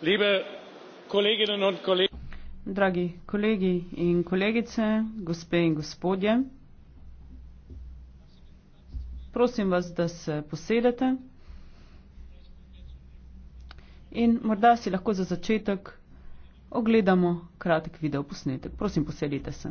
liebe kolleginnen und kollegen Dragi kolegi in kolegice, gospe in gospodje, prosim vas, da se posedete in morda si lahko za začetek ogledamo kratek video posnetek. Prosim, posedite se.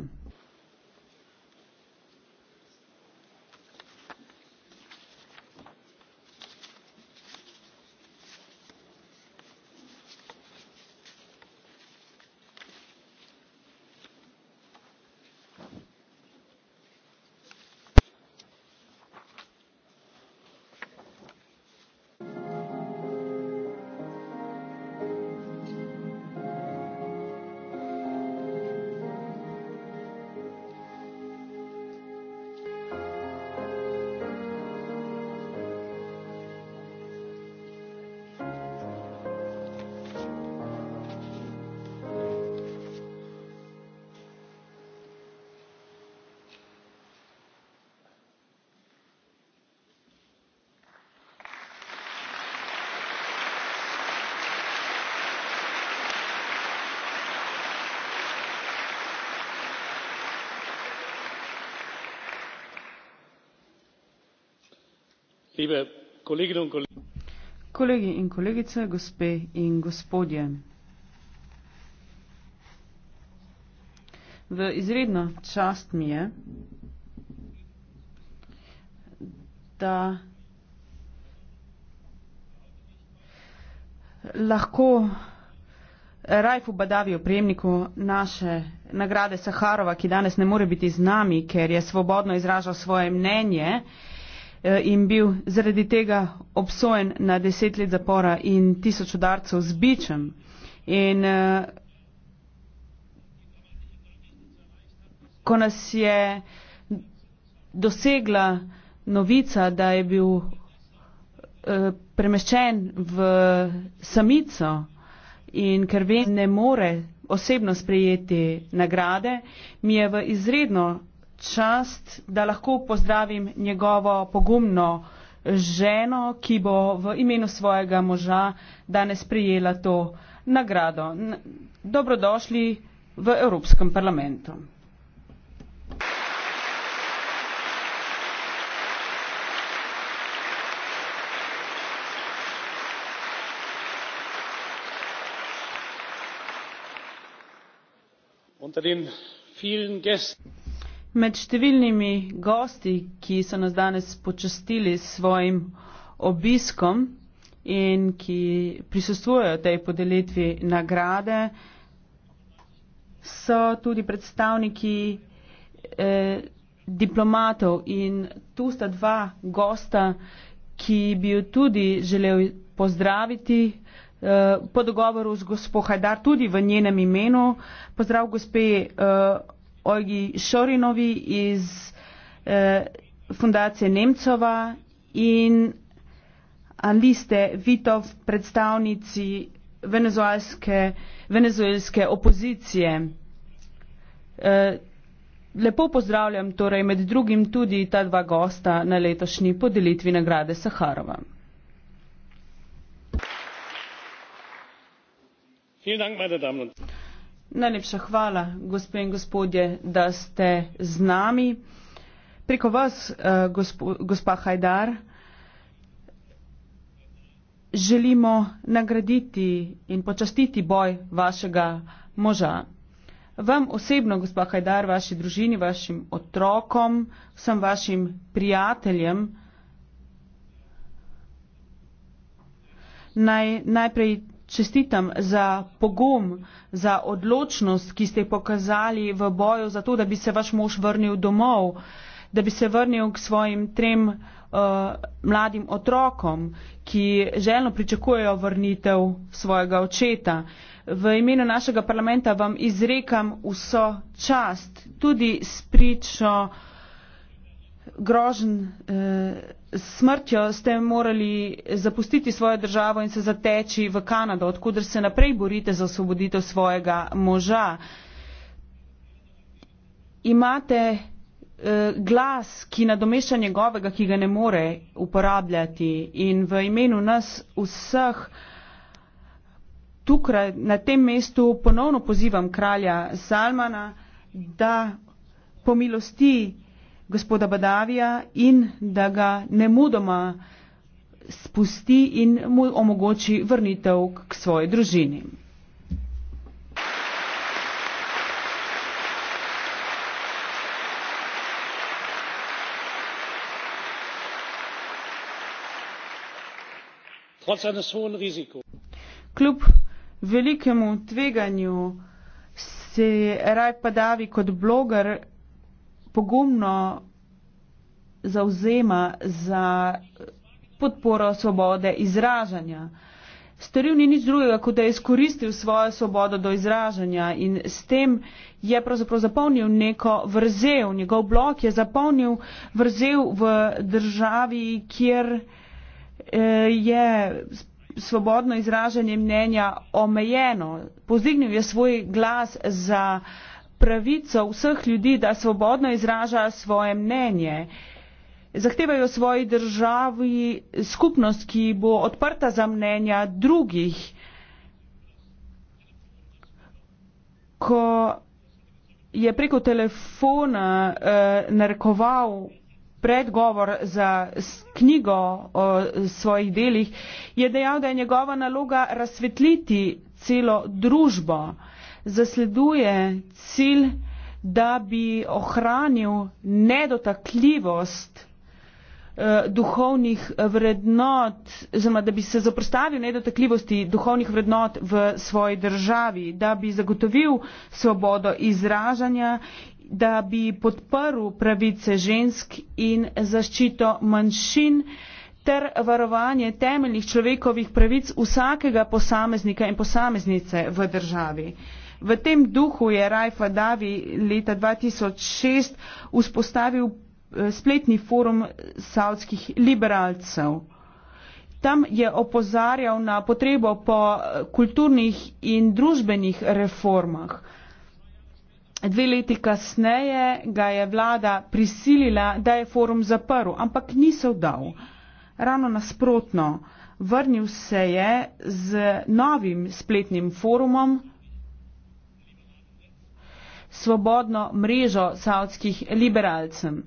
liebe Kolleginnen und Kollegen, Kolegi in kolegice, gospe in gospodje. V izredno čast mi je, da lahko Rajfu Badavi prejemniku naše nagrade Saharova, ki danes ne more biti z nami, ker je svobodno izražal svoje mnenje, eh, Eh, in bil zaradi tega obsojen na deset let zapora in tisoč udarcev z bičem. In eh, ko nas je dosegla novica, da je bil eh, premeščen v samico in ker vem, ne more osebno sprejeti nagrade, mi je v izredno čast, da lahko pozdravim njegovo pogumno ženo, ki bo v imenu svojega moža danes prijela to nagrado. Dobrodošli v Evropskem parlamentu. Unter den vielen Gästen. Med številnimi gosti, ki so nas danes počastili s svojim obiskom in ki prisustvujejo tej podelitvi nagrade, so tudi predstavniki eh, diplomatov in tu sta dva gosta, ki bi jo tudi želel pozdraviti eh, po dogovoru z gospo Hajdar tudi v njenem imenu. Pozdrav gospe eh, Olgi Šorinovi iz eh, Fundacije Nemcova in Aliste Vitov, predstavnici venezuelske, venezuelske opozicije. Eh, lepo pozdravljam torej med drugim tudi ta dva gosta na letošnji podelitvi nagrade Saharova. Vielen Dank, meine Damen und Herren. Najlepša hvala, gospe in gospodje, da ste z nami. Preko vas, eh, gospo, gospa Hajdar, želimo nagraditi in počastiti boj vašega moža. Vam osebno, gospa Hajdar, vaši družini, vašim otrokom, vsem vašim prijateljem naj najprej čestitam za pogum, za odločnost, ki ste pokazali v boju za to, da bi se vaš mož vrnil domov, da bi se vrnil k svojim trem uh, mladim otrokom, ki želno pričakujejo vrnitev svojega očeta. V imenu našega parlamenta vam izrekam vso čast, tudi s pričo uh, grožen eh, s eh, smrtjo, ste morali zapustiti svojo državo in se zateči v Kanado, odkudr se naprej borite za osvoboditev svojega moža. Imate eh, glas, ki nadomešča njegovega, ki ga ne more uporabljati in v imenu nas vseh tukaj na tem mestu ponovno pozivam kralja Salmana, da pomilosti gospoda Badavija in da ga ne mudoma spusti in mu omogoči vrnitev k svoji družini. Kljub velikemu tveganju se je Rajpa Davi kot bloger pogumno zauzema za podporo svobode izražanja. Storil ni nič drugega, kot da je izkoristil svojo svobodo do izražanja in s tem je pravzaprav zapolnil neko vrzel, njegov blok je zapolnil vrzel v državi, kjer eh, je svobodno izražanje mnenja omejeno. Pozdignil je svoj glas za pravico vseh ljudi, da svobodno izražajo svoje mnenje. Zahtevajo svoji državi skupnost, ki bo odprta za mnenja drugih. Ko je preko telefona eh, narekoval predgovor za knjigo o svojih delih, je dejal, da je njegova naloga razsvetliti celo družbo zasleduje cilj, da bi ohranil nedotakljivost eh, duhovnih vrednot, oziroma da bi se zaprostavil nedotakljivosti duhovnih vrednot v svoji državi, da bi zagotovil svobodo izražanja, da bi podprl pravice žensk in zaščito manjšin ter varovanje temeljnih človekovih pravic vsakega posameznika in posameznice v državi. V tem duhu je Rajfa Davi leta 2006 vzpostavil eh, spletni forum savskih liberalcev. Tam je opozarjal na potrebo po eh, kulturnih in družbenih reformah. Dve leti kasneje ga je vlada prisilila, da je forum zaprl, ampak niso dal. Ravno nasprotno, vrnil se je z novim spletnim forumom svobodno mrežo saudskih liberalcem.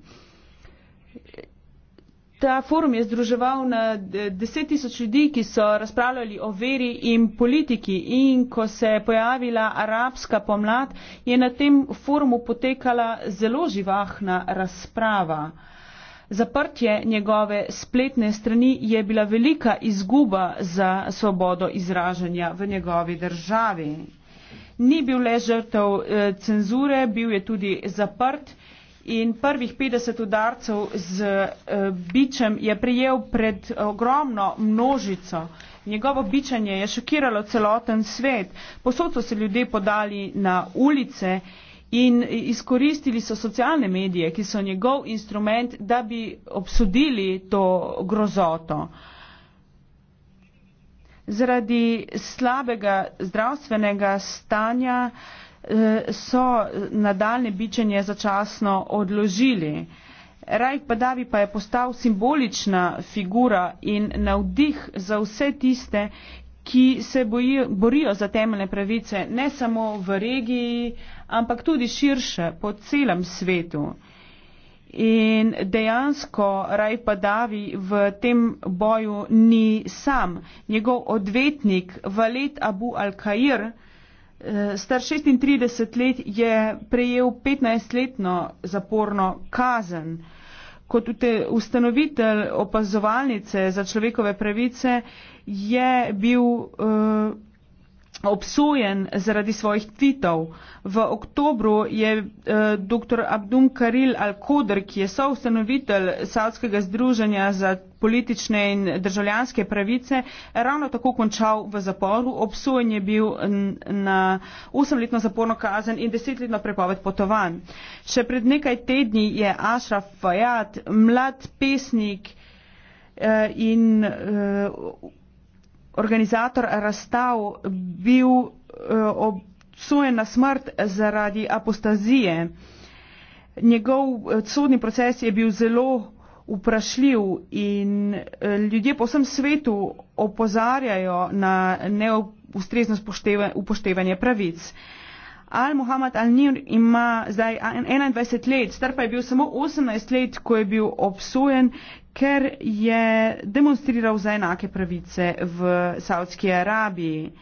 Ta forum je združeval na deset tisoč ljudi, ki so razpravljali o veri in politiki in ko se je pojavila arabska pomlad, je na tem forumu potekala zelo živahna razprava. Zaprtje njegove spletne strani je bila velika izguba za svobodo izražanja v njegovi državi ni bil le žrtev eh, cenzure, bil je tudi zaprt in prvih 50 udarcev z eh, bičem je prijel pred ogromno množico. Njegovo bičanje je šokiralo celoten svet. Posod so se ljudje podali na ulice in izkoristili so socialne medije, ki so njegov instrument, da bi obsodili to grozoto. Uh, Zaradi slabega zdravstvenega stanja eh, so nadaljne bičenje začasno odložili. Rajk Badavi pa je postal simbolična figura in navdih za vse tiste, ki se bojijo, borijo za temeljne pravice ne samo v regiji, ampak tudi širše po celem svetu. In dejansko Raj Padavi v tem boju ni sam. Njegov odvetnik Valet Abu Al-Kair, eh, star 36 let, je prejel 15-letno zaporno kazen. Kot ustanovitelj opazovalnice za človekove pravice je bil. Uh, obsojen zaradi svojih tvitev. V oktobru je eh, dr. Abdum Karil Al-Kodr, ki je soustanovitelj Saudskega združenja za politične in državljanske pravice, ravno tako končal v zaporu. Obsojen je bil na 8-letno zaporno kazen in 10-letno prepoved potovanj. Še pred nekaj tedni je Ashraf Fayad, mlad pesnik eh, in eh, organizator razstav bil eh, obsojen na smrt zaradi apostazije. Njegov eh, sodni proces je bil zelo vprašljiv in eh, ljudje po vsem svetu opozarjajo na neustrezno upoštevanje pravic. Al-Muhammad Al-Nir ima zdaj 21 let, star pa je bil samo 18 let, ko je bil obsojen, ker je demonstriral za enake pravice v Saudski Arabiji.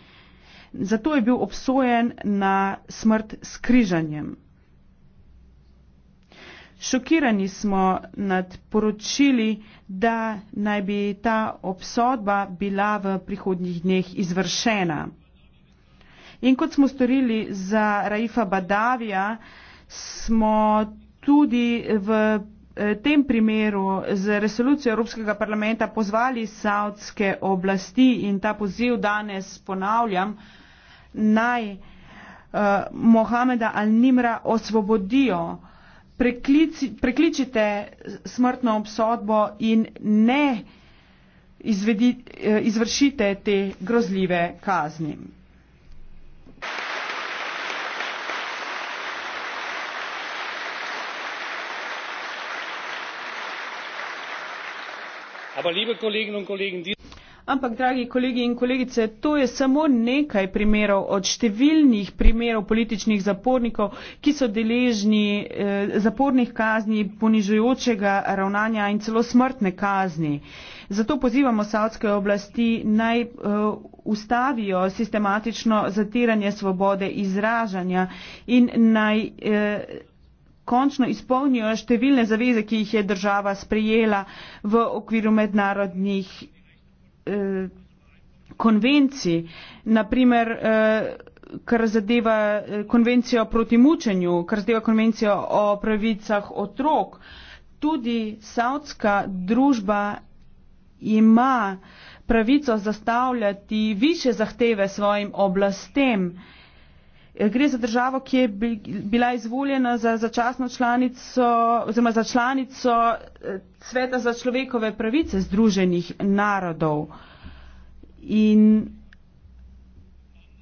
Zato je bil obsojen na smrt s križanjem. Šokirani smo nad poročili, da naj bi ta obsodba bila v prihodnjih dneh izvršena. In kot smo storili za Raifa Badavija, smo tudi v tem primeru z resolucijo Evropskega parlamenta pozvali savdske oblasti in ta poziv danes ponavljam, naj eh, Mohameda Al-Nimra osvobodijo. Preklici, prekličite smrtno obsodbo in ne izvedi, eh, izvršite te grozljive kazni. ampak dragi kolegi in kolegice to je samo nekaj primerov od številnih primerov političnih zapornikov ki so deležni eh, zapornih kazni ponižujočega ravnanja in celo smrtne kazni zato pozivamo savdske oblasti naj eh, ustavijo sistematično zatiranje svobode izražanja in naj eh, končno izpolnijo številne zaveze, ki jih je država sprejela v okviru mednarodnih eh, konvencij. Naprimer, eh, kar zadeva eh, konvencijo proti mučenju, kar zadeva konvencijo o pravicah otrok. Tudi savdska družba ima pravico zastavljati više zahteve svojim oblastem. Eh, Eh, gre za državo, ki je bila izvoljena za začasno članico oziroma za članico eh, Sveta za človekove pravice Združenih narodov. In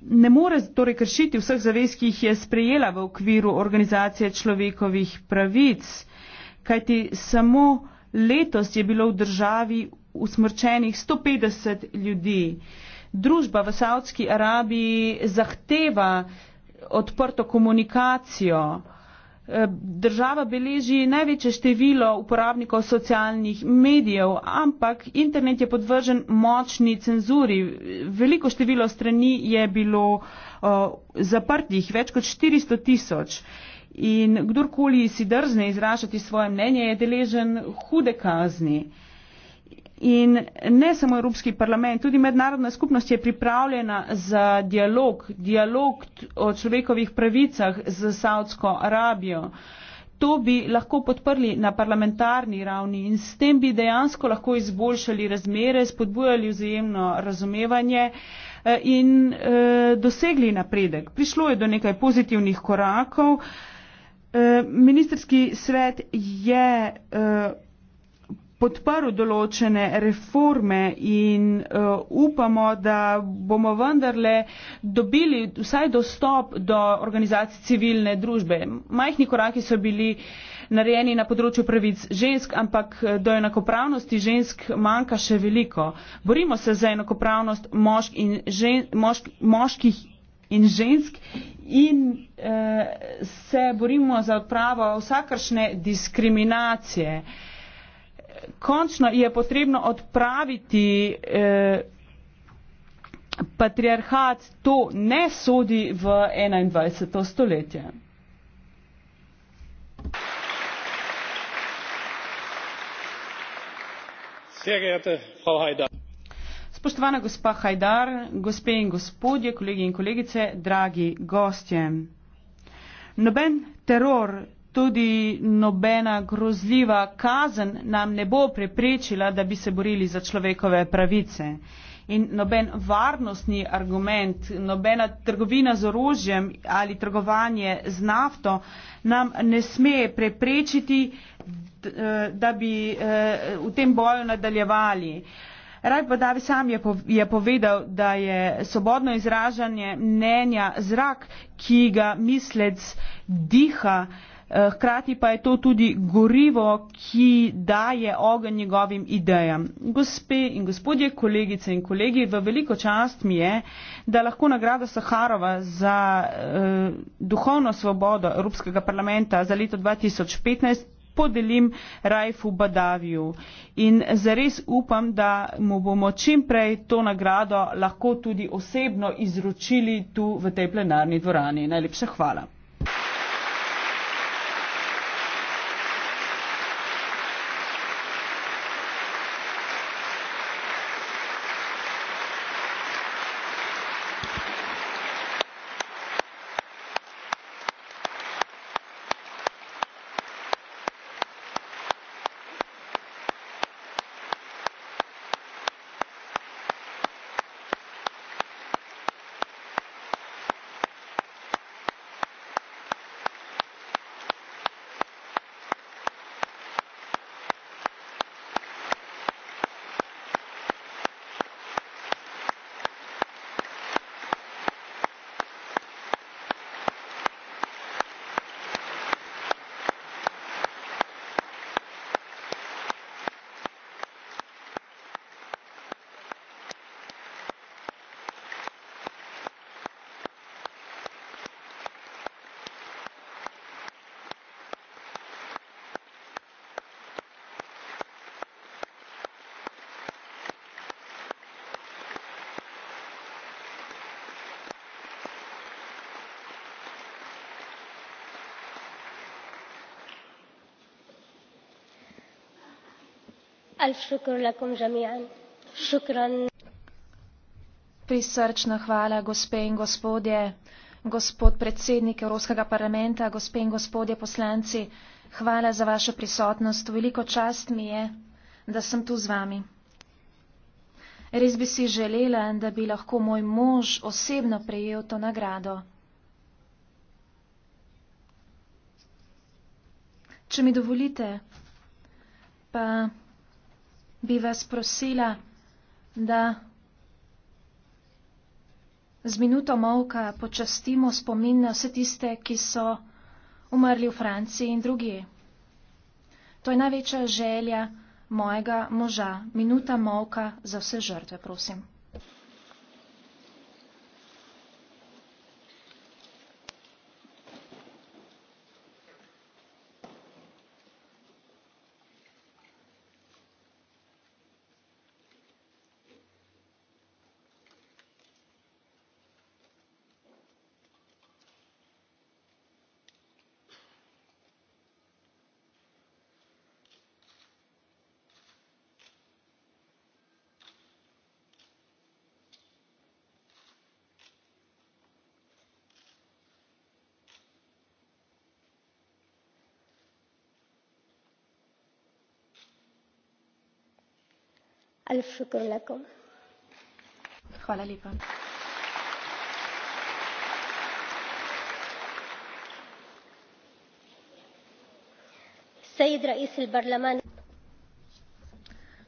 ne more torej kršiti vseh zavez, ki jih je sprejela v okviru organizacije človekovih pravic, kajti samo letos je bilo v državi usmrčenih 150 ljudi. Družba v Saudski Arabiji zahteva uh, odprto komunikacijo. Eh, država beleži največje število uporabnikov socialnih medijev, ampak internet je podvržen močni cenzuri. Veliko število strani je bilo o, eh, zaprtih, več kot 400 tisoč. In kdorkoli si drzne izražati svoje mnenje, je deležen hude kazni. In ne samo Evropski parlament, tudi mednarodna skupnost je pripravljena za dialog, dialog o človekovih pravicah z Saudsko Arabijo. To bi lahko podprli na parlamentarni ravni in s tem bi dejansko lahko izboljšali razmere, spodbujali vzajemno razumevanje eh, in eh, dosegli napredek. Prišlo je do nekaj pozitivnih korakov. Eh, ministrski svet je podprl določene reforme in uh, upamo, da bomo vendarle dobili vsaj dostop do organizacij civilne družbe. Majhni koraki so bili narejeni na področju pravic žensk, ampak eh, do enakopravnosti žensk manjka še veliko. Borimo se za enakopravnost mošk in žen, mošk, moških in žensk in uh, se borimo za odpravo vsakršne diskriminacije. Uh, končno je potrebno odpraviti eh, patriarhat, to ne sodi v 21. stoletje. Spoštovana gospa Hajdar, gospe in gospodje, kolegi in kolegice, dragi gostje. Noben teror Tudi nobena grozljiva kazen nam ne bo preprečila, da bi se borili za človekove pravice. In noben varnostni argument, nobena trgovina z orožjem ali trgovanje z nafto nam ne sme preprečiti, eh, da bi eh, v tem boju nadaljevali. Raj Badavi sam je, po, je povedal, da je svobodno izražanje mnenja zrak, ki ga mislec diha. Eh, hkrati pa je to tudi gorivo, ki daje ogen njegovim idejam. Gospe in gospodje, kolegice in kolegi, v veliko čast mi je, da lahko nagrado Saharova za eh, duhovno svobodo Evropskega parlamenta za leto 2015 podelim Rajfu Badaviju in zares upam, da mu bomo čim prej to nagrado lahko tudi osebno izročili tu v tej plenarni dvorani. Najlepša hvala. Prisrčna hvala, gospe in gospodje, gospod predsednik Evropskega parlamenta, gospe in gospodje poslanci. Hvala za vašo prisotnost. Veliko čast mi je, da sem tu z vami. Res bi si želela, da bi lahko moj mož osebno prejel to nagrado. Če mi dovolite, pa bi vas prosila, da z minuto molka počastimo spomin na vse tiste, ki so umrli v Franciji in drugi. To je največja želja mojega moža. Minuta molka za vse žrtve, prosim. ali šokolakom. Hvala lepa.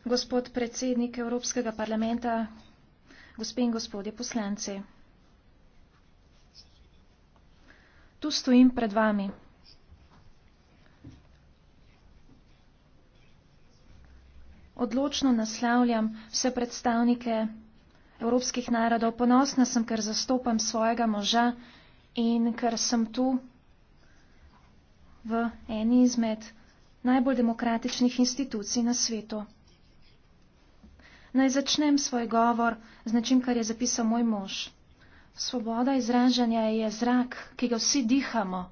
Gospod predsednik Evropskega parlamenta, gospe in gospodje poslanci, tu stojim pred vami. odločno naslavljam vse predstavnike evropskih narodov. Ponosna sem, ker zastopam svojega moža in ker sem tu v eni izmed najbolj demokratičnih institucij na svetu. Naj začnem svoj govor z nečim, kar je zapisal moj mož. Svoboda izražanja je zrak, ki ga vsi dihamo.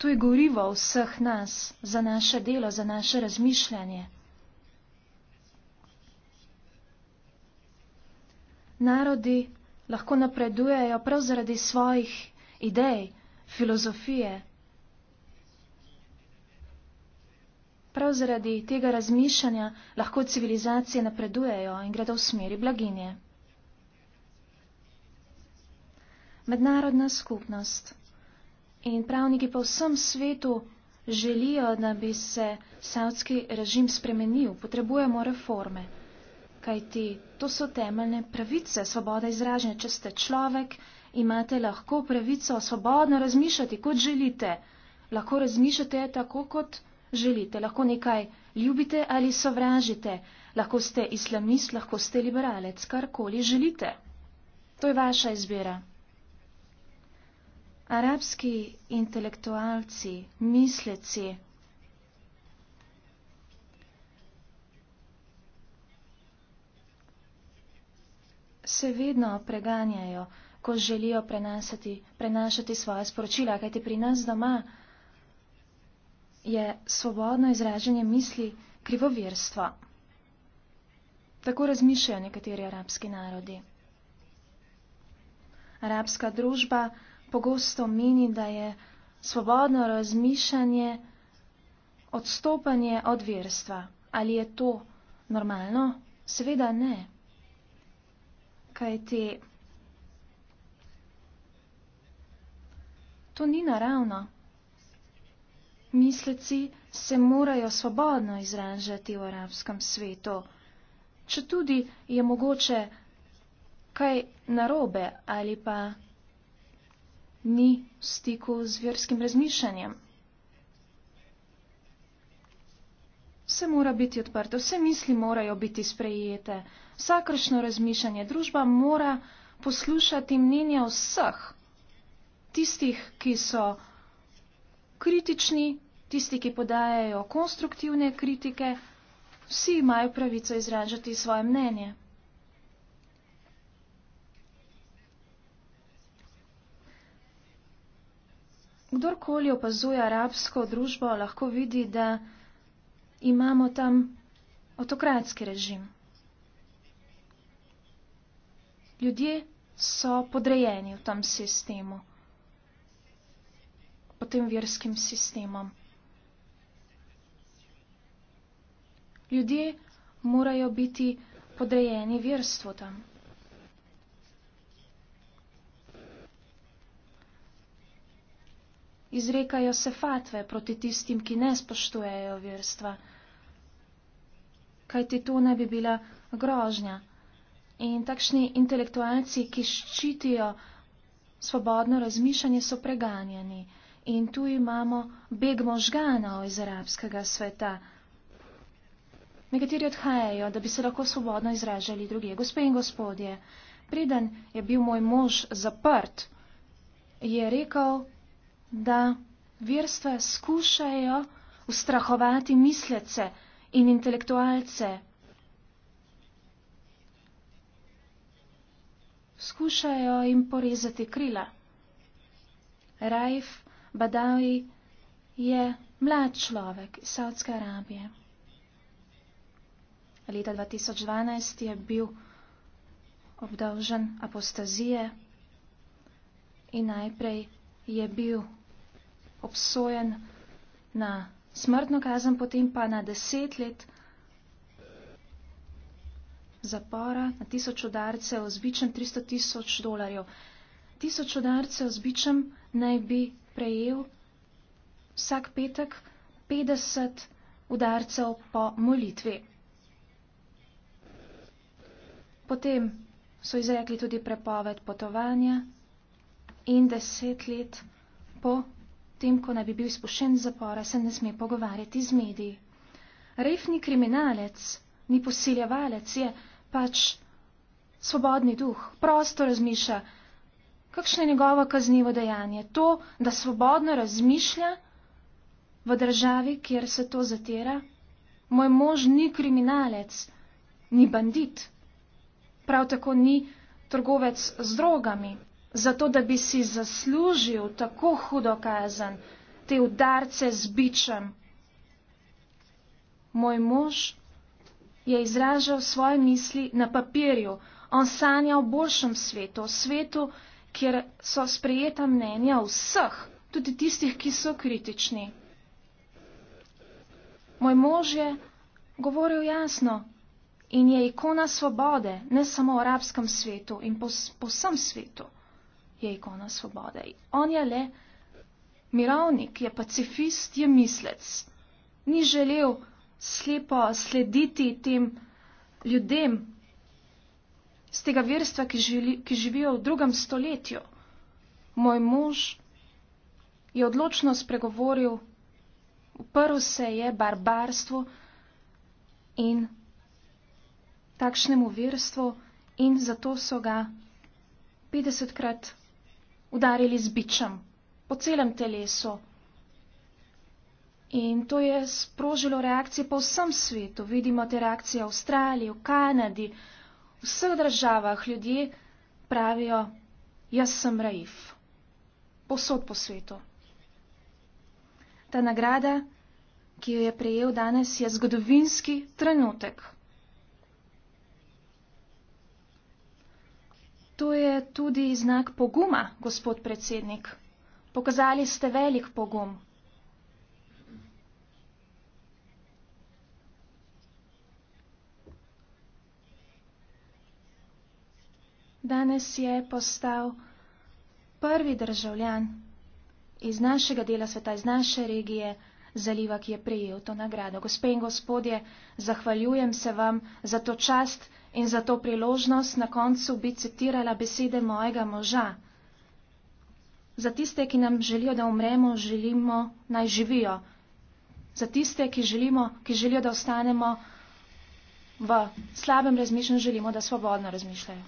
To je gorivo vseh nas za naše delo, za naše razmišljanje. narodi lahko napredujejo prav zaradi svojih idej, filozofije. Prav zaradi tega razmišljanja lahko civilizacije napredujejo in gredo v smeri blaginje. Mednarodna skupnost in pravniki po vsem svetu želijo, da bi se savtski režim spremenil, potrebujemo reforme kajti to so temeljne pravice, svoboda izražanja. Če ste človek, imate lahko pravico svobodno razmišljati, kot želite. Lahko razmišljate tako, kot želite. Lahko nekaj ljubite ali sovražite. Lahko ste islamist, lahko ste liberalec, karkoli želite. To je vaša izbira. Arabski intelektualci, misleci, se vedno preganjajo, ko želijo prenašati svoje sporočila, kajti pri nas doma je svobodno izraženje misli krivovirstvo. Tako razmišljajo nekateri arabski narodi. Arabska družba pogosto meni, da je svobodno razmišljanje odstopanje od verstva. Ali je to normalno? Seveda ne kajti to ni naravno. Misleci se morajo svobodno izražati v arabskem svetu, če tudi je mogoče kaj narobe ali pa ni v stiku z verskim razmišljanjem. vse mora biti odprto, vse misli morajo biti sprejete, vsakršno razmišljanje družba mora poslušati mnenja vseh, tistih, ki so kritični, tisti, ki podajajo konstruktivne kritike, vsi imajo pravico izražati svoje mnenje. Kdorkoli opazuje arabsko družbo, lahko vidi, da imamo tam autokratski režim. Ljudje so podrejeni v tem sistemu, po tem verskim sistemom. Ljudje morajo biti podrejeni verstvu tam. Izrekajo se fatve proti tistim, ki ne spoštujejo verstva kajti to ne bi bila grožnja. In takšni intelektualci, ki ščitijo svobodno razmišljanje, so preganjani. In tu imamo beg možganov iz arabskega sveta. Nekateri odhajajo, da bi se lahko svobodno izražali druge. Gospe in gospodje, preden je bil moj mož zaprt, je rekel, da verstva skušajo ustrahovati mislece, in intelektualce. Skušajo jim porezati krila. Raif Badawi je mlad človek iz Saudske Arabije. Leta 2012 je bil obdolžen apostazije in najprej je bil obsojen na smrtno kazen, potem pa na deset let zapora, na tisoč udarcev z bičem 300 tisoč dolarjev. Tisoč udarcev z bičem naj bi prejel vsak petek 50 udarcev po molitvi. Potem so izrekli tudi prepoved potovanja in deset let po tem, ko naj bi bil spušen z zapora, se ne sme pogovarjati z mediji. Rejf ni kriminalec, ni posiljevalec, je pač svobodni duh, prosto razmišlja. Kakšno je njegovo kaznivo dejanje? To, da svobodno razmišlja v državi, kjer se to zatira? Moj mož ni kriminalec, ni bandit, prav tako ni trgovec z drogami zato da bi si zaslužil tako hudo kazen, te udarce z bičem. Moj mož je izražal svoje misli na papirju, on sanja o boljšem svetu, o svetu, kjer so sprejeta mnenja vseh, tudi tistih, ki so kritični. Moj mož je govoril jasno in je ikona svobode, ne samo v arabskem svetu in po, po vsem svetu je ikona svobode. On je le mirovnik, je pacifist, je mislec. Ni želel slepo slediti tem ljudem z tega verstva, ki, živi, ki živijo v drugem stoletju. Moj mož je odločno spregovoril, uprl se je barbarstvu in takšnemu verstvu in zato so ga 50 krat udarili z bičem po celem telesu. In to je sprožilo reakcije po vsem svetu. Vidimo te reakcije v Avstraliji, v Kanadi, v vseh državah ljudje pravijo, jaz sem Raif. Posod po svetu. Ta nagrada, ki jo je prejel danes, je zgodovinski trenutek. To je tudi znak poguma, gospod predsednik. Pokazali ste velik pogum. Danes je postal prvi državljan iz našega dela sveta, iz naše regije, zaliva, ki je prijel to nagrado. Gospe in gospodje, zahvaljujem se vam za to čast, in za to priložnost na koncu bi citirala besede mojega moža. Za tiste, ki nam želijo, da umremo, želimo naj živijo. Za tiste, ki, želimo, ki želijo, da ostanemo v slabem razmišljanju, želimo, da svobodno razmišljajo.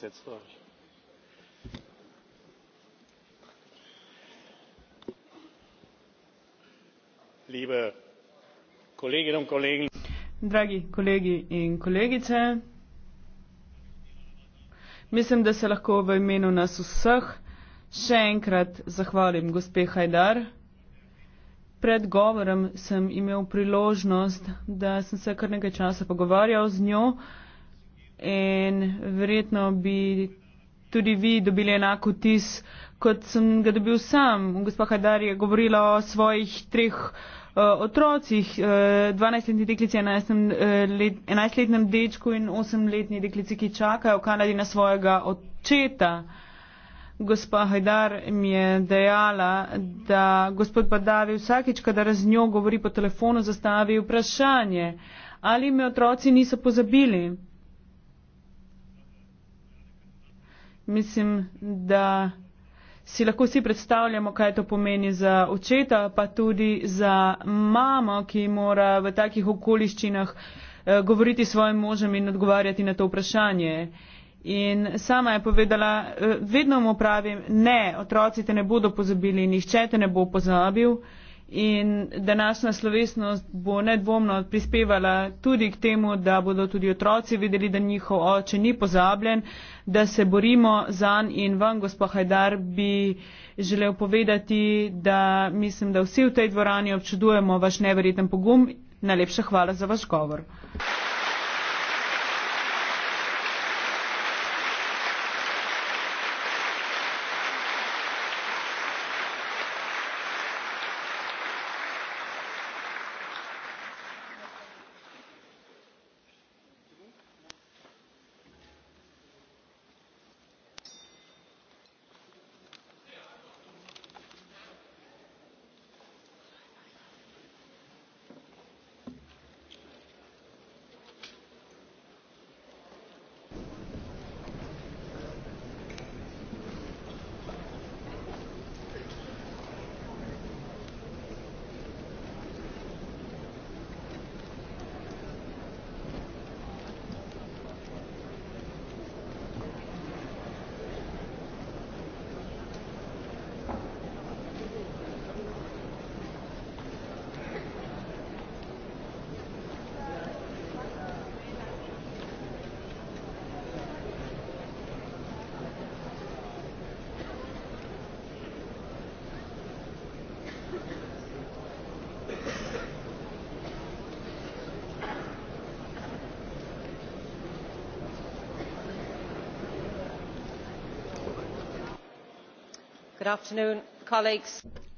setzt euch. Liebe Kolleginnen und Kollegen, Dragi kolegi in kolegice, mislim, da se lahko v imenu nas vseh še enkrat zahvalim gospe Hajdar. Pred govorom sem imel priložnost, da sem se kar nekaj časa pogovarjal z njo in verjetno bi tudi vi dobili enako tis, kot sem ga dobil sam. Gospa Hadar je govorila o svojih treh uh, otrocih, uh, eh, 12-letni deklici, 11-letnem eh, uh, dečku in 8-letni deklici, ki čakajo v Kanadi na svojega očeta. Gospa Hajdar mi je dejala, da gospod Badavi vsakeč, kadar z njo govori po telefonu, zastavi vprašanje, ali me otroci niso pozabili. mislim, da si lahko vsi predstavljamo, kaj to pomeni za očeta, pa tudi za mamo, ki mora v takih okoliščinah eh, govoriti s svojim možem in odgovarjati na to vprašanje. In sama je povedala, eh, vedno mu pravim, ne, otroci te ne bodo pozabili, nihče te ne bo pozabil in današnja slovesnost bo nedvomno prispevala tudi k temu, da bodo tudi otroci videli, da njihov oče ni pozabljen, da se borimo zan in vam, gospod Hajdar, bi želel povedati, da mislim, da vsi v tej dvorani občudujemo vaš neverjeten pogum. Najlepša hvala za vaš govor.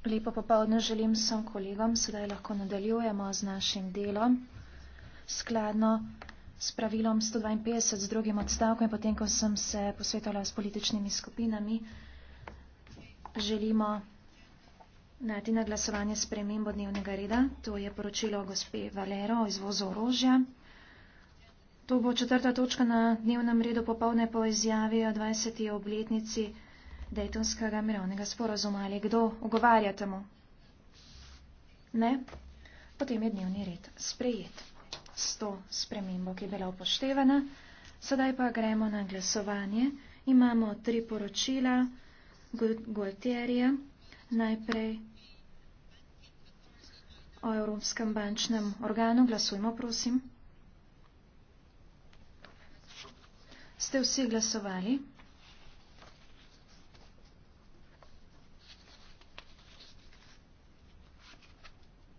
lepo popoldne želim vsem kolegom sedaj lahko nadaljujemo z našim delom skladno s pravilom 152 z drugim odstavkom in potem, ko sem se posvetila s političnimi skupinami, želimo najti na glasovanje spremembo dnevnega reda. To je poročilo gospe Valero o izvozu orožja. To bo četrta točka na dnevnem redu popolne po izjavi o 20. obletnici Dejtonskega mirovnega sporozuma ali kdo, ugovarjate mu. Ne, potem je dnevni red sprejet. S to spremembo, ki je bila upoštevana, sedaj pa gremo na glasovanje. Imamo tri poročila Gualtierja. Najprej o Evropskem bančnem organu. Glasujmo, prosim. Ste vsi glasovali?